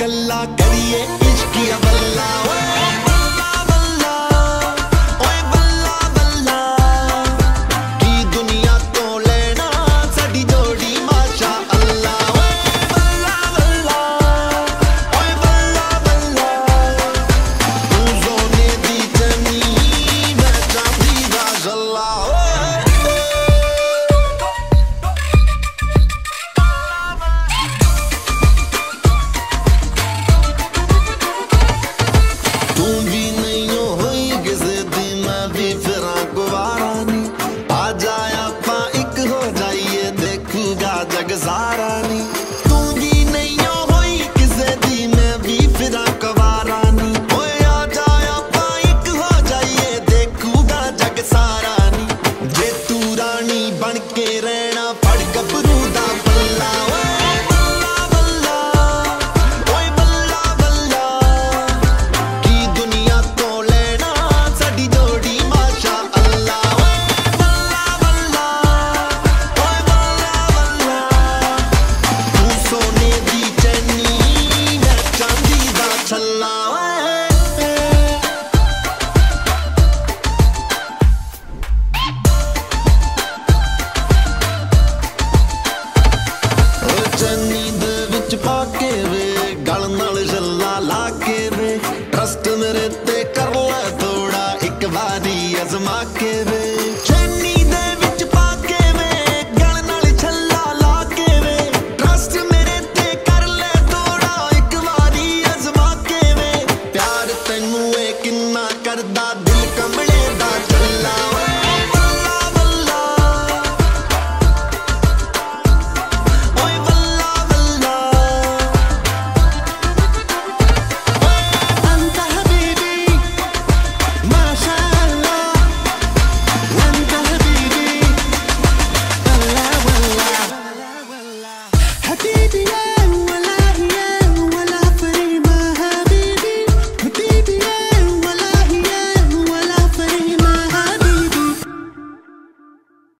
ਕੱਲਾ ਕਰੀਏ ਇਸ਼ਕੀਆ ਬੱਲਾ ਓਏ காணிக்கிறேன் ਆ ਕੇ ਵੇ ਗਲ ਨਾਲ ਜੱਲਾ ਲਾ ਕੇ ਵੇ ਟਰਸਟ ਮੇਰੇ ਤੇ ਕਰ ਲੈ ਥੋੜਾ ਇੱਕ ਵਾਰੀ ਅਜ਼ਮਾ ਕੇ ਵੇ ਕਰਦਾ ਦਿਲ ਕੰਬਲੇ ਦਾ ਚੱਲਾ